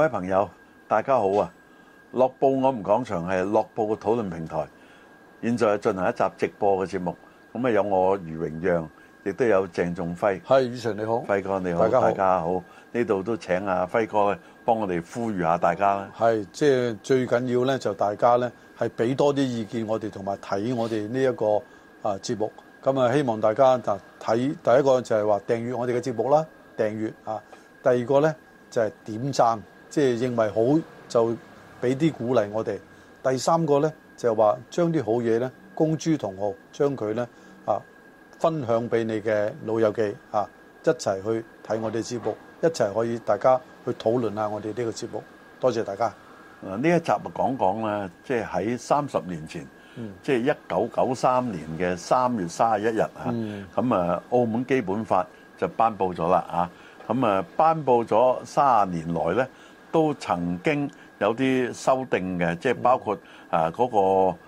各位朋友，大家好啊！《樂報我唔講場》係樂報嘅討論平台，現在進行一集直播嘅節目。咁啊，有我余榮讓，亦都有鄭仲輝。係，榮讓你好，輝哥你好，大家好。呢度都請阿輝哥幫我哋呼籲下大家。係，即係最緊要咧，就大家咧係俾多啲意見我哋，同埋睇我哋呢一個啊節目。咁啊，希望大家睇第一個就係話訂閱我哋嘅節目啦，訂閱啊。第二個咧就係點讚。即係認為好就俾啲鼓勵我哋。第三個呢，就話將啲好嘢呢，公諸同學，將佢呢啊分享俾你嘅老友記啊，一齊去睇我哋節目，一齊可以大家去討論下我哋呢個節目。多謝大家。呢一集講講啦，即係喺三十年前，即係一九九三年嘅三月三十一日啊，咁、嗯、啊，澳門基本法就頒布咗啦，咁啊頒布咗三十年來呢。都曾經有啲修訂嘅，即係包括啊嗰個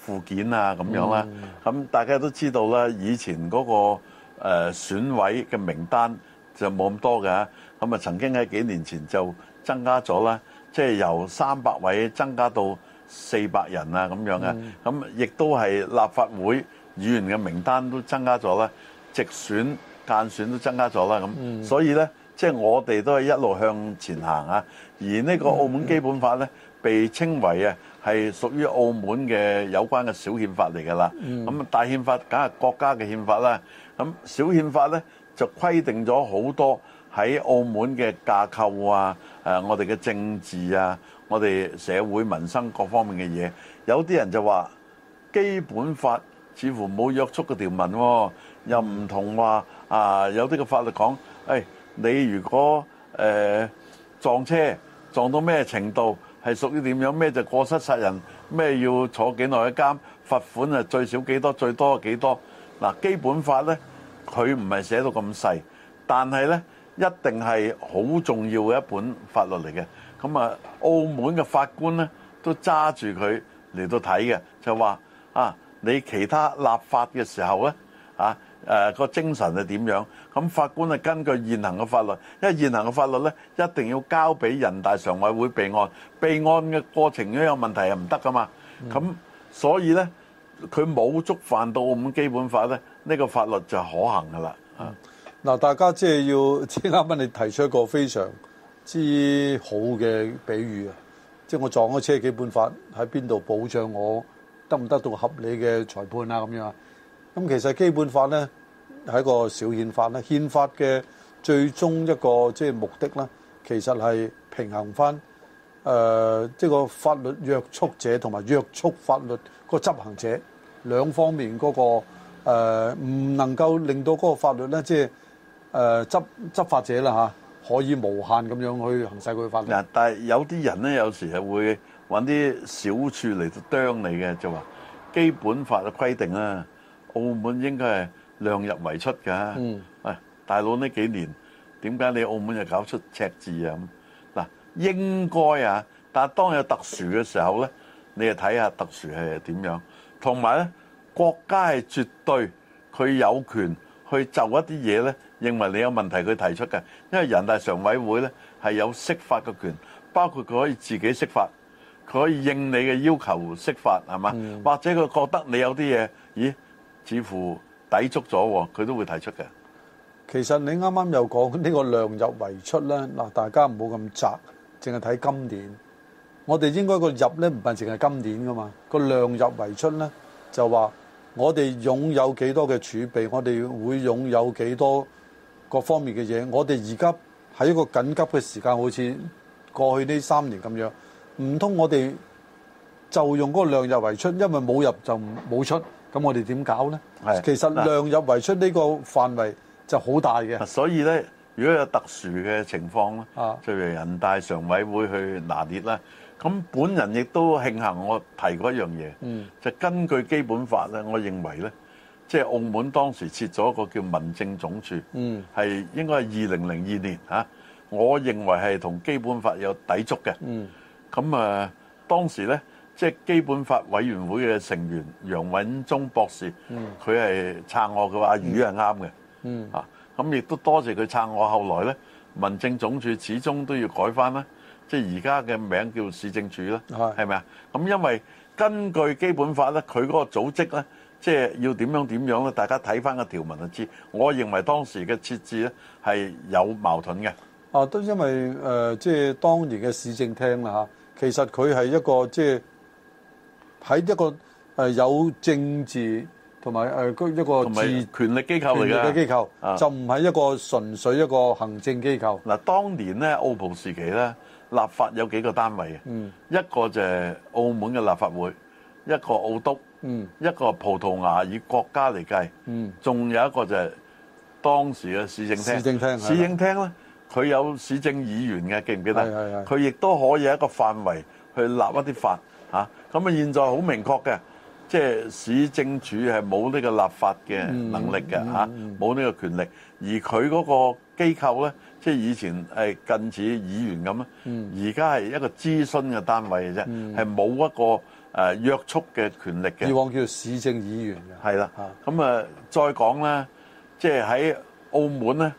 附件啊咁樣啦。咁、嗯、大家都知道啦，以前嗰、嗰個誒、呃、選委嘅名單就冇咁多㗎。咁啊曾經喺幾年前就增加咗啦，即係由三百位增加到四百人啊咁樣嘅。咁亦、嗯、都係立法會議員嘅名單都增加咗啦，直選、間選都增加咗啦咁。嗯、所以呢。即係我哋都係一路向前行啊！而呢個澳門基本法呢，被稱為啊係屬於澳門嘅有關嘅小憲法嚟㗎啦。咁大憲法梗係國家嘅憲法啦。咁小憲法呢，就規定咗好多喺澳門嘅架構啊、呃、我哋嘅政治啊、我哋社會民生各方面嘅嘢。有啲人就話基本法似乎冇約束嘅條文、啊，又唔同話啊、啊有啲嘅法律講誒、哎。你如果誒、呃、撞車撞到咩程度，係屬於點樣咩就過失殺人咩要坐幾耐一監，罰款啊最少幾多，最多幾多嗱？基本法呢，佢唔係寫到咁細，但係呢，一定係好重要嘅一本法律嚟嘅。咁啊，澳門嘅法官呢，都揸住佢嚟到睇嘅，就話啊你其他立法嘅時候呢，啊。誒、啊個精神係點樣？咁法官啊，根據現行嘅法律，因為現行嘅法律咧，一定要交俾人大常委會備案。備案嘅過程如果有問題啊，唔得噶嘛。咁、嗯、所以咧，佢冇觸犯到《澳門基本法》呢咧，呢個法律就可行噶啦。啊，嗱，大家即係要，即係啱啱你提出一個非常之好嘅比喻啊！即、就、係、是、我撞咗車，《基本法》喺邊度保障我得唔得到合理嘅裁判啊？咁樣。咁其實基本法咧，係一個小憲法咧，憲法嘅最終一個即係目的咧，其實係平衡翻誒即係個法律約束者同埋約束法律個執行者兩方面嗰個誒，唔能夠令到嗰個法律咧即係誒執執法者啦吓，可以無限咁樣去行使佢嘅法律。嗱，但係有啲人咧，有時係會揾啲小處嚟到釘你嘅，就話基本法嘅規定啊。澳門應該係量入為出㗎。喂，大佬呢幾年點解你澳門又搞出赤字啊？咁嗱，應該啊，但係當有特殊嘅時候咧，你就睇下特殊係點樣。同埋咧，國家係絕對佢有權去就一啲嘢咧，認為你有問題佢提出嘅，因為人大常委會咧係有釋法嘅權，包括佢可以自己釋法，佢可以應你嘅要求釋法係嘛？或者佢覺得你有啲嘢，咦？似乎抵觸咗，佢都會提出嘅。其實你啱啱又講呢個量入為出啦，嗱，大家唔好咁窄，淨係睇今年。我哋應該個入呢，唔係淨係今年噶嘛，個量入為出呢，就話我哋擁有幾多嘅儲備，我哋會擁有幾多各方面嘅嘢。我哋而家喺一個緊急嘅時間，好似過去呢三年咁樣，唔通我哋就用嗰個量入為出，因為冇入就冇出。咁我哋點搞咧？其實量入為出呢個範圍就好大嘅。所以咧，如果有特殊嘅情況咧，就由人大常委會去拿捏啦。咁本人亦都慶幸，我提過一樣嘢，就根據基本法咧，我認為咧，即係澳門當時設咗一個叫民政總署，係應該係二零零二年嚇。我認為係同基本法有抵觸嘅。咁啊，當時咧。即係基本法委員會嘅成員楊允中博士、嗯他是，佢係撐我嘅話，余係啱嘅。啊，咁亦都多謝佢撐我。後來咧，民政總署始終都要改翻啦，即係而家嘅名叫市政署啦，係咪啊？咁因為根據基本法咧，佢嗰個組織咧，即係要點樣點樣咧，大家睇翻個條文就知。我認為當時嘅設置咧係有矛盾嘅。啊，都因為誒、呃，即係當年嘅市政廳啦嚇、啊，其實佢係一個即係。喺一個誒有政治同埋誒一個權力機構嘅，權力機構就唔係一個純粹一個行政機構，嗯。嗱、啊，當年咧澳普時期咧，立法有幾個單位嘅，一個就係澳門嘅立法會，一個澳督，一個，嗯嗯一個葡萄牙以國家嚟計，仲有一個就係當時嘅市政廳。市政廳，市政廳咧，佢的有市政議員嘅，記唔記得？佢亦都可以一個範圍去立一啲法嚇，啊咁啊！現在好明確嘅，即係市政署係冇呢個立法嘅能力嘅嚇，冇呢、嗯嗯啊、個權力。而佢嗰個機構咧，即係以前係近似議員咁咯，而家係一個諮詢嘅單位嘅啫，係冇、嗯、一個誒、呃、約束嘅權力嘅。以往叫做市政議員，嘅的，係啦、啊。咁啊，再講咧，即係喺澳門咧，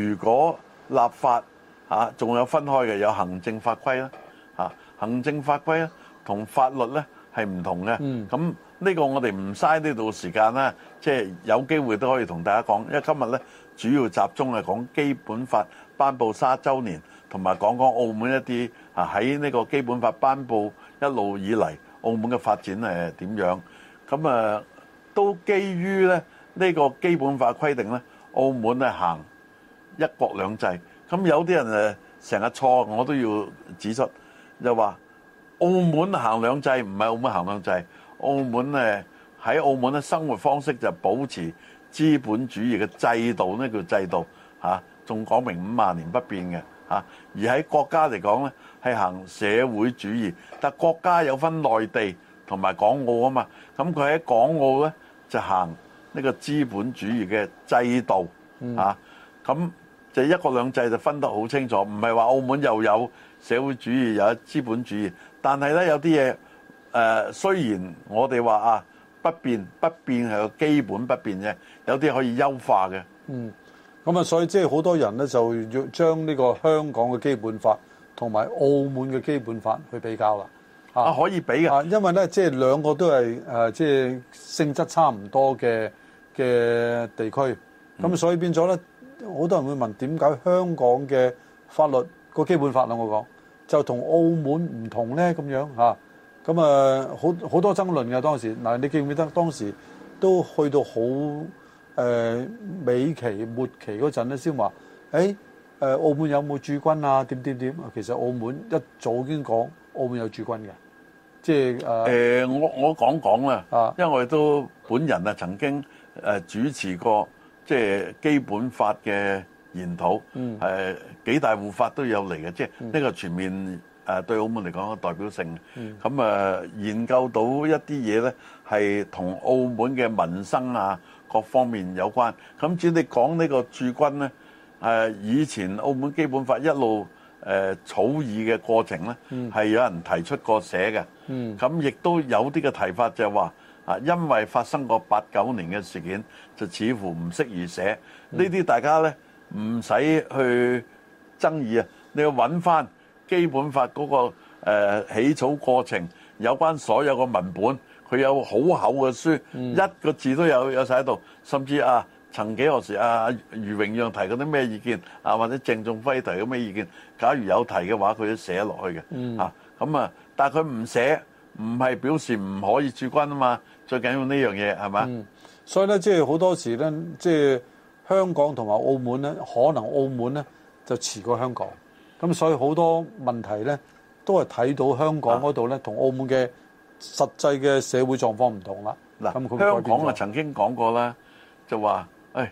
如果立法吓仲、啊、有分開嘅，有行政法規啦嚇，行政法規啦。同法律呢係唔同嘅，咁呢個我哋唔嘥呢度時間啦，即係有機會都可以同大家講，因為今日呢，主要集中係講基本法頒布卅周年，同埋講講澳門一啲啊喺呢個基本法頒布一路以嚟澳門嘅發展係點樣，咁啊都基於咧呢個基本法規定呢澳門咧行一國兩制，咁有啲人誒成日錯，我都要指出，又話，澳門行兩制唔係澳門行兩制，澳門咧喺澳門咧生活方式就保持資本主義嘅制度呢叫制度嚇，仲、啊、講明五萬年不變嘅、啊、而喺國家嚟講咧係行社會主義，但是國家有分內地同埋港澳啊嘛，咁佢喺港澳咧就行呢個資本主義嘅制度嚇，咁、啊、就一國兩制就分得好清楚，唔係話澳門又有社會主義又有資本主義。但係咧，有啲嘢誒，雖然我哋話啊不變不變係個基本不變啫，有啲可以優化嘅，嗯。咁啊，所以即係好多人咧就要將呢個香港嘅基本法同埋澳門嘅基本法去比較啦。啊，可以比嘅。啊，因為咧，即係兩個都係誒，即係性質差唔多嘅嘅地區。咁所以變咗咧，好、嗯、多人會問點解香港嘅法律個基本法啦，我講。就同澳門唔同咧，咁樣嚇，咁啊，好好多爭論嘅當時。嗱、啊，你記唔記得當時都去到好誒尾期末期嗰陣咧，先話誒澳門有冇駐軍啊？點點點？其實澳門一早已經講澳門有駐軍嘅，即係誒、呃欸。我我講講啦，啊、因為我哋都本人啊曾經誒主持過即係、就是、基本法嘅研討係、呃、幾大護法都有嚟嘅，嗯、即係呢個全面誒、呃、對澳門嚟講嘅代表性。咁、嗯呃、研究到一啲嘢咧，係同澳門嘅民生啊各方面有關。咁至於你講呢個駐軍咧，誒、呃、以前澳門基本法一路誒、呃、草擬嘅過程咧，係、嗯、有人提出過寫嘅。咁亦、嗯、都有啲嘅提法就係話啊，因為發生過八九年嘅事件，就似乎唔適宜寫呢啲。嗯、大家咧。唔使去爭議啊！你要揾翻基本法嗰個起草過程，有關所有個文本，佢有好厚嘅書，嗯、一個字都有有寫喺度。甚至啊，曾幾何時啊，余榮讓提過啲咩意見啊，或者鄭仲輝提咗咩意見？假如有提嘅話，佢都寫落去嘅啊。咁、嗯、啊，但佢唔寫，唔係表示唔可以駐軍啊嘛。最緊要呢樣嘢係咪？所以咧，即係好多時咧，即係。香港同埋澳門咧，可能澳門咧就遲過香港，咁所以好多問題咧都係睇到香港嗰度咧同澳門嘅實際嘅社會狀況唔同啦。嗱、啊，會會香港啊曾經講過啦，就話誒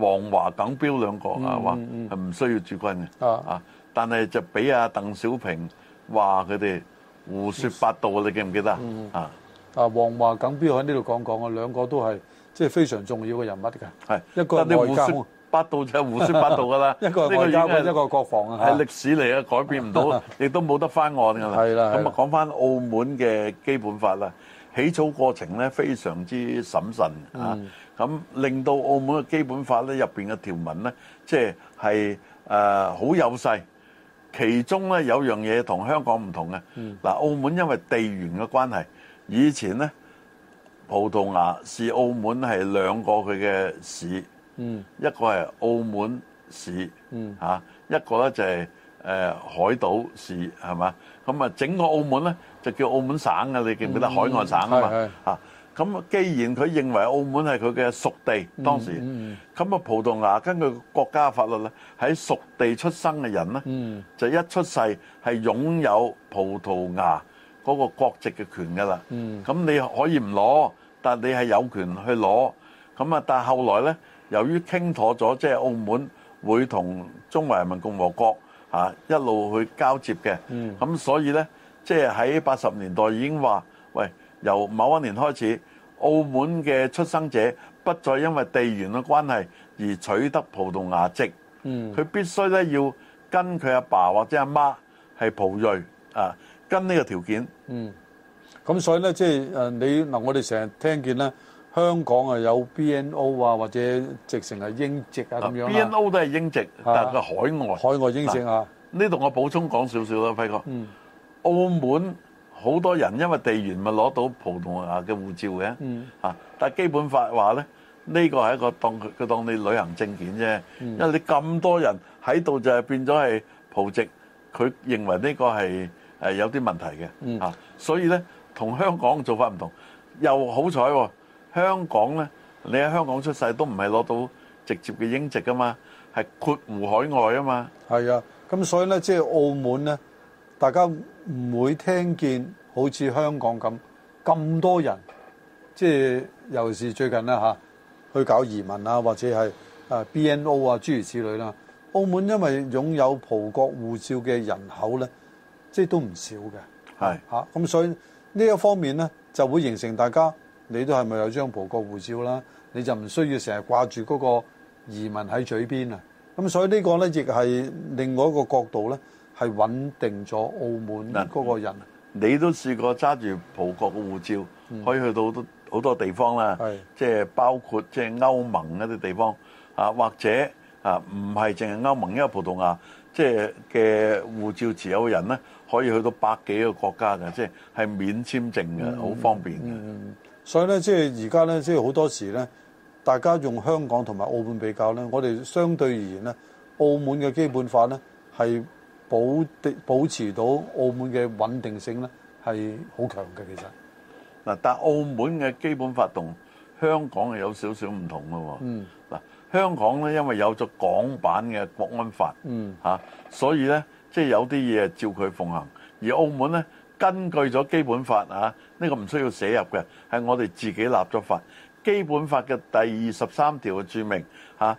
黃華耿彪兩個啊話係唔需要駐軍嘅、嗯、啊，但係就俾阿鄧小平話佢哋胡說八道，你記唔記得、嗯、啊？啊黃華耿彪喺呢度講講啊，兩個都係。即係非常重要嘅人物㗎，係一個外交，胡說八道就係胡說八道㗎啦，一個外交，一個國防啊，係歷史嚟啊，改變唔到，亦都冇得翻案㗎。係啦，咁啊講翻澳門嘅基本法啦，起草過程咧非常之審慎啊，咁令到澳門嘅基本法咧入邊嘅條文咧，即係係誒好有勢，其中咧有樣嘢同香港唔同嘅，嗱澳門因為地緣嘅關係，以前咧。葡萄牙視澳門係兩個佢嘅市，一個係澳門市嚇，一個咧就係誒海島市係嘛？咁啊，整個澳門咧就叫澳門省啊，你記唔記得海外省啊嘛？嚇！咁既然佢認為澳門係佢嘅屬地，當時咁啊，葡萄牙根據國家法律咧，喺屬地出生嘅人咧，就一出世係擁有葡萄牙。嗰個國籍嘅權㗎啦，咁你可以唔攞，但你係有權去攞，咁啊！但係後來呢，由於傾妥咗，即係澳門會同中華人民共和國、啊、一路去交接嘅，咁所以呢，即係喺八十年代已經話，喂，由某一年開始，澳門嘅出生者不再因為地緣嘅關係而取得葡萄牙籍，佢必須呢，要跟佢阿爸或者阿媽係葡裔啊。跟呢個條件，嗯，咁所以咧，即係誒你嗱，我哋成日聽見咧，香港啊有 B N O 啊，或者直情係英籍啊咁樣，B N O 都係英籍，但係佢海外海外英籍啊。呢度我補充講少少啦，輝哥，嗯，澳門好多人因為地緣咪攞到葡萄牙嘅護照嘅，嗯啊，但係基本法話咧，呢個係一個當佢當你旅行證件啫，因為你咁多人喺度就係變咗係葡籍，佢認為呢個係。係有啲問題嘅，啊，所以咧同香港做法唔同，又好彩喎。香港咧，你喺香港出世都唔係攞到直接嘅英籍噶嘛，係括弧海外啊嘛。係啊，咁所以咧，即係澳門咧，大家唔會聽見好似香港咁咁多人，即係尤其是最近咧吓去搞移民啊，或者係啊 BNO 啊諸如此類啦。澳門因為擁有葡國護照嘅人口咧。即係都唔少嘅，係吓咁，啊、所以呢一方面呢，就會形成大家，你都係咪有張葡國護照啦？你就唔需要成日掛住嗰個移民喺嘴邊啊！咁所以呢個呢，亦係另外一個角度呢，係穩定咗澳門嗰個人。你都試過揸住葡國嘅護照，可以去到好多好多地方啦，係，即係包括即係歐盟一啲地方啊，或者啊，唔係淨係歐盟，因為葡萄牙。即係嘅護照持有人咧，可以去到百幾個國家嘅，即係係免簽證嘅，好方便嘅、嗯嗯。所以咧，即係而家咧，即係好多時咧，大家用香港同埋澳門比較咧，我哋相對而言咧，澳門嘅基本法咧，係保保持到澳門嘅穩定性咧，係好強嘅其實。嗱，但澳門嘅基本法同香港係有少少唔同㗎喎。嗯。嗱。香港咧，因為有咗港版嘅國安法，嚇，所以咧，即係有啲嘢係照佢奉行。而澳門咧，根據咗基本法啊，呢個唔需要寫入嘅，係我哋自己立咗法。基本法嘅第二十三條嘅註明嚇，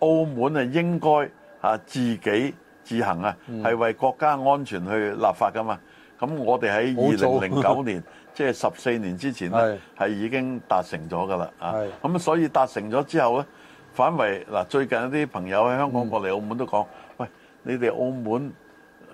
澳門係應該嚇自己自行啊，係為國家安全去立法噶嘛。咁我哋喺二零零九年，即係十四年之前咧，係已經達成咗噶啦。啊，咁所以達成咗之後咧。反為嗱，最近有啲朋友喺香港過嚟澳門都講：喂，你哋澳門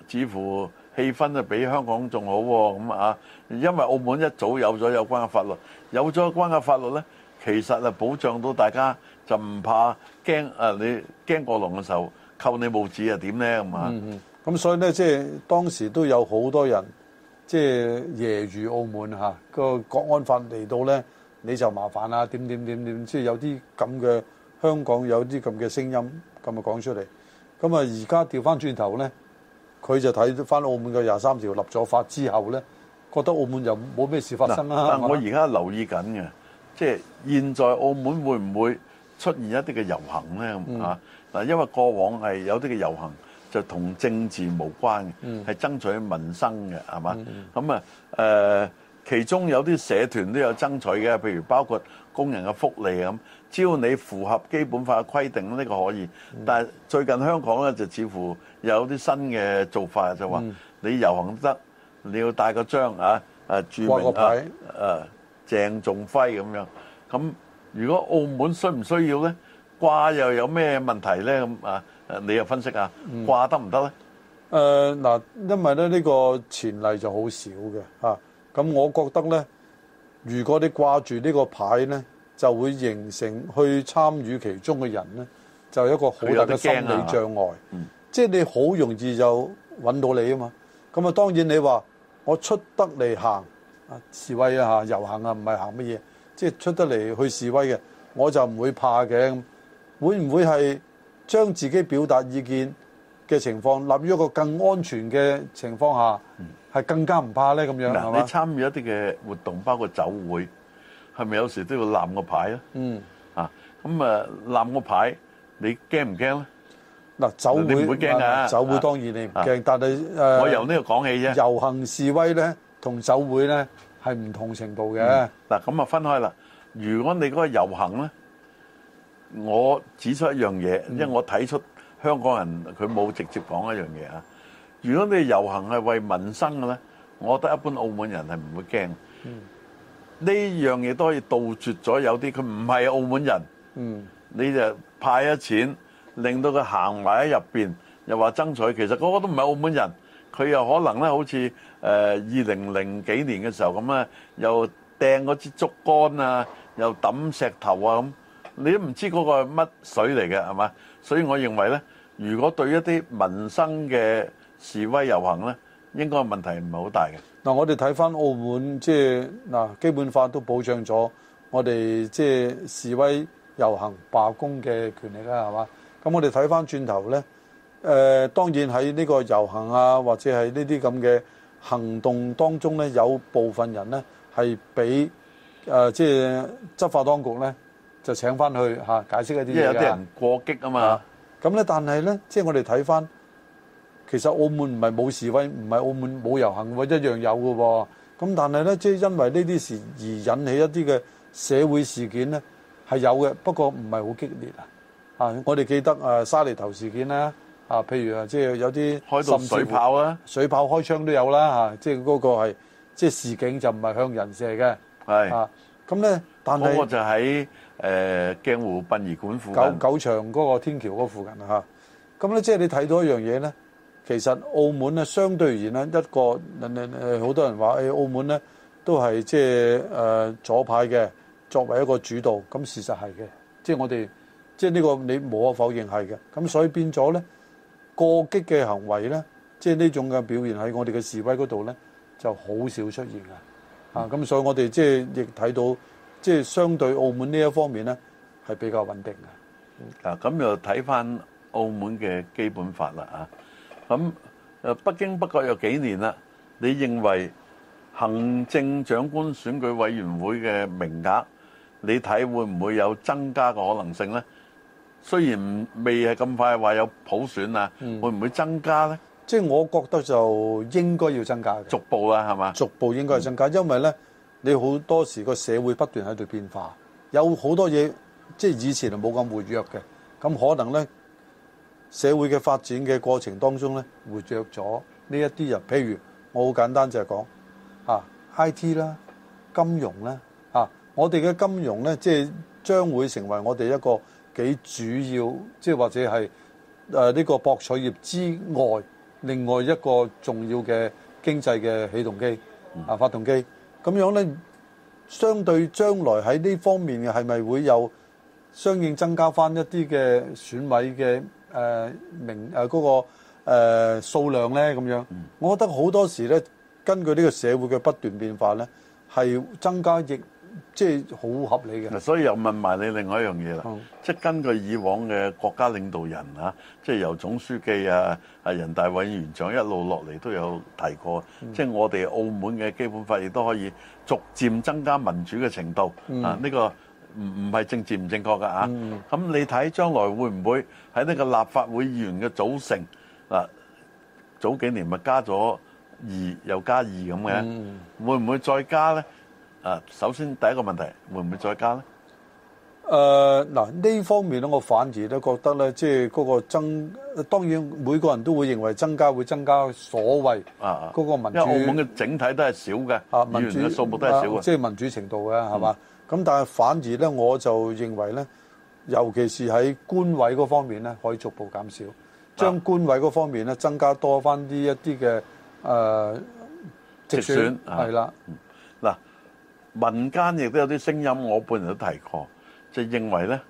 似乎氣氛啊，比香港仲好咁啊。因為澳門一早有咗有關嘅法律，有咗有關嘅法律咧，其實啊，保障到大家就唔怕驚啊！你驚過龍嘅時候扣你帽子啊，點咧咁啊？咁所以咧，即係當時都有好多人即係夜住澳門嚇個國安法嚟到咧，你就麻煩啦，點點點點，即係有啲咁嘅。香港有啲咁嘅聲音咁啊講出嚟，咁啊而家調翻轉頭咧，佢就睇翻澳門嘅廿三條立咗法之後咧，覺得澳門又冇咩事發生啦。但我而家留意緊嘅，即係現在澳門會唔會出現一啲嘅遊行咧？嚇嗱，因為過往係有啲嘅遊行就同政治無關嘅，係爭取民生嘅，係嘛？咁啊誒，其中有啲社團都有爭取嘅，譬如包括工人嘅福利咁。只要你符合基本法嘅規定，呢個可以。但係最近香港咧就似乎有啲新嘅做法，就話你遊行都得，你要帶個章嚇，誒著名牌啊，誒鄭仲輝咁樣。咁如果澳門需唔需要咧？掛又有咩問題咧？咁啊，誒你又分析下，掛得唔得咧？誒嗱，因為咧呢個前例就好少嘅嚇，咁我覺得咧，如果你掛住呢個牌咧，就會形成去參與其中嘅人呢就一個好大嘅心理障礙。啊、即係你好容易就揾到你啊嘛。咁啊、嗯，當然你話我出得嚟行啊示威啊嚇遊行啊，唔係行乜嘢，即係出得嚟去示威嘅，我就唔會怕嘅。會唔會係將自己表達意見嘅情況立於一個更安全嘅情況下，係、嗯、更加唔怕呢？咁樣嗱，係嘛？你參與一啲嘅活動，包括酒會。係咪有時都要攬個牌咧？嗯，啊，咁啊攬個牌，你驚唔驚咧？嗱，酒會你唔會驚噶？酒會當然你唔驚，但係誒，我由呢個講起啫。遊行示威咧，同酒會咧係唔同程度嘅。嗱，咁啊分開啦。如果你嗰個遊行咧，我指出一樣嘢，因為我睇出香港人佢冇直接講一樣嘢啊。如果你遊行係為民生嘅咧，我覺得一般澳門人係唔會驚。嗯。呢樣嘢都可以杜絕咗，有啲佢唔係澳門人，嗯，你就派咗錢，令到佢行埋喺入邊，又話爭取，其實嗰個都唔係澳門人，佢又可能咧，好似誒二零零幾年嘅時候咁啊，又掟嗰支竹竿啊，又抌石頭啊咁，你都唔知嗰個係乜水嚟嘅，係嘛？所以我認為呢，如果對一啲民生嘅示威遊行呢，應該問題唔係好大嘅。嗱，我哋睇翻澳門，即係嗱，基本法都保障咗我哋即係示威遊行罷工嘅權利啦，係嘛？咁我哋睇翻轉頭咧，誒，當然喺呢個遊行啊，或者係呢啲咁嘅行動當中咧，有部分人咧係俾誒，即係執法當局咧就請翻去吓解釋一啲嘢嘅。因為有啲人過激啊嘛。咁咧，但係咧，即係我哋睇翻。其實澳門唔係冇示威，唔係澳門冇遊行，㗎一樣有嘅喎。咁但係咧，即係因為呢啲事而引起一啲嘅社會事件咧，係有嘅。不過唔係好激烈啊。啊，我哋記得啊，沙梨頭事件啦，啊，譬如啊，即係有啲到甚至水炮啊，水炮開槍都有啦嚇、啊。即係嗰個係即係示警，就唔係向人射嘅。係是 啊，咁咧，但係嗰個就喺誒、呃、鏡湖殯儀館附近九，九場嗰個天橋嗰附近嚇。咁、啊、咧，即係你睇到一樣嘢咧。其實澳門咧，相對而言咧，一個好多人話澳門咧都係即係誒左派嘅，作為一個主導，咁事實係嘅，即係我哋即係呢個你無可否認係嘅，咁所以變咗咧過激嘅行為咧，即係呢種嘅表現喺我哋嘅示威嗰度咧就好少出現嘅，啊、嗯，咁所以我哋即係亦睇到即係相對澳門呢一方面咧係比較穩定嘅。嗱、嗯，咁又睇翻澳門嘅基本法啦，咁誒北京不過有幾年啦，你認為行政長官選舉委員會嘅名額，你睇會唔會有增加嘅可能性呢？雖然未係咁快話有普選啊，會唔會增加呢？嗯、即係我覺得就應該要增加，逐步啦係嘛？逐步應該要增加，因為呢，你好多時個社會不斷喺度變化，有好多嘢即係以前係冇咁活躍嘅，咁可能呢。社會嘅發展嘅過程當中咧，活著咗呢一啲人。譬如我好簡單就係講嚇 IT 啦、金融咧嚇。我哋嘅金融咧，即係將會成為我哋一個幾主要，即係或者係誒呢個博彩業之外，另外一個重要嘅經濟嘅起動機啊，發動機。咁樣咧，相對將來喺呢方面嘅係咪會有相應增加返一啲嘅選委嘅？誒、呃、明誒嗰、呃嗰個誒、呃、數量咧咁樣，嗯、我覺得好多時咧，根據呢個社會嘅不斷變化咧，係增加亦即係好合理嘅。嗱，所以又問埋你另外一樣嘢啦，嗯、即係根據以往嘅國家領導人啊，即係由總書記啊、人大委員長一路落嚟都有提過，嗯、即係我哋澳門嘅基本法亦都可以逐漸增加民主嘅程度，嗯、啊，呢、呢個唔唔係政治唔正確㗎吓！咁你睇將來會唔會喺呢個立法會議員嘅組成嗱，早幾年咪加咗二又加二咁嘅，會唔會再加咧？啊，首先第一個問題，會唔會再加咧？誒嗱，呢方面咧，我反而都覺得咧，即係嗰個增，當然每個人都會認為增加會增加所謂啊啊，嗰個民主。因為澳門嘅整體都係少嘅，啊，民主嘅數目都係少嘅，即係民主程度嘅係嘛？咁但係反而咧，我就認為咧，尤其是喺官委嗰方面咧，可以逐步減少，將官委嗰方面咧增加多返啲一啲嘅誒直選係啦。嗱，民間亦都有啲聲音，我本人都提過，即係認為咧，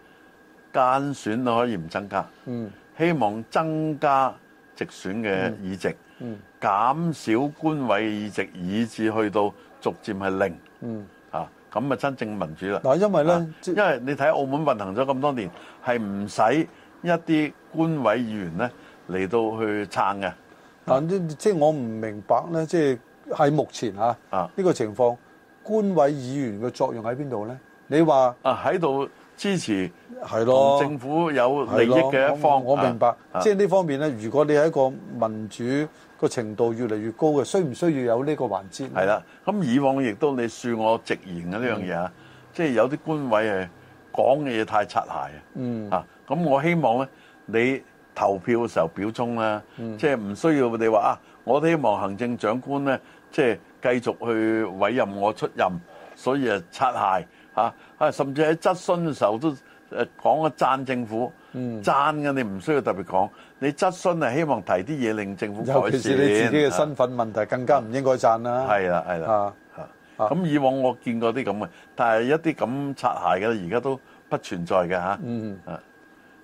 間選都可以唔增加，嗯、希望增加直選嘅議席，嗯、減少官委議席，以至去到逐漸係零。嗯咁啊，真正民主啦！嗱，因為咧，啊、因為你睇澳門運行咗咁多年，係唔使一啲官委議員咧嚟到去撐嘅。但即係我唔明白咧，即係喺目前啊，呢、啊、個情況官委議員嘅作用喺邊度咧？你話啊喺度支持係咯，政府有利益嘅一方我，我明白。即係呢、啊、方面咧，如果你係一個民主，個程度越嚟越高嘅，需唔需要有呢個環節？係啦，咁以往亦都你恕我直言嘅呢樣嘢啊，即係有啲官位係講嘅嘢太擦鞋啊。嗯。啊，咁我希望咧，你投票嘅時候表忠啦、啊，即係唔需要你話啊，我都希望行政長官咧，即係繼續去委任我出任，所以啊擦鞋啊啊，甚至喺質詢嘅時候都。講個贊政府，贊嘅你唔需要特別講。你質詢係希望提啲嘢令政府改善。尤其是你自己嘅身份問題，更加唔應該贊啦。係啦，係啦。咁以往我見過啲咁嘅，但係一啲咁擦鞋嘅而家都不存在嘅嚇。嗯、呃就是。啊。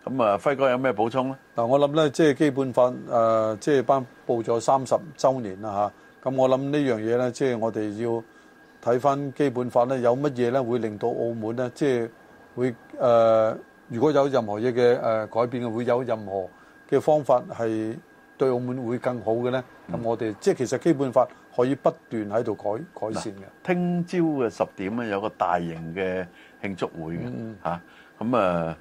咁啊，輝哥有咩補充咧？嗱，我諗咧，即係基本法誒，即係頒佈咗三十週年啦嚇。咁我諗呢樣嘢咧，即係我哋要睇翻基本法咧，有乜嘢咧會令到澳門咧，即係。會誒，如果有任何嘢嘅誒改變嘅，會有任何嘅方法係對澳門會更好嘅咧？咁我哋即係其實基本法可以不斷喺度改改善嘅。聽朝嘅十點咧有個大型嘅慶祝會嘅嚇，咁啊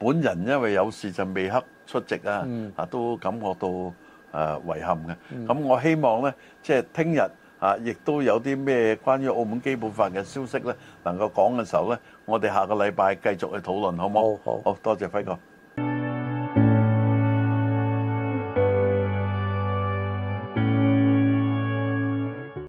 本人因為有事就未克出席啊，啊都感覺到誒遺憾嘅。咁我希望咧，即係聽日啊，亦都有啲咩關於澳門基本法嘅消息咧，能夠講嘅時候咧。我哋下個禮拜繼續去討論，好唔好？好，好，好多謝輝哥。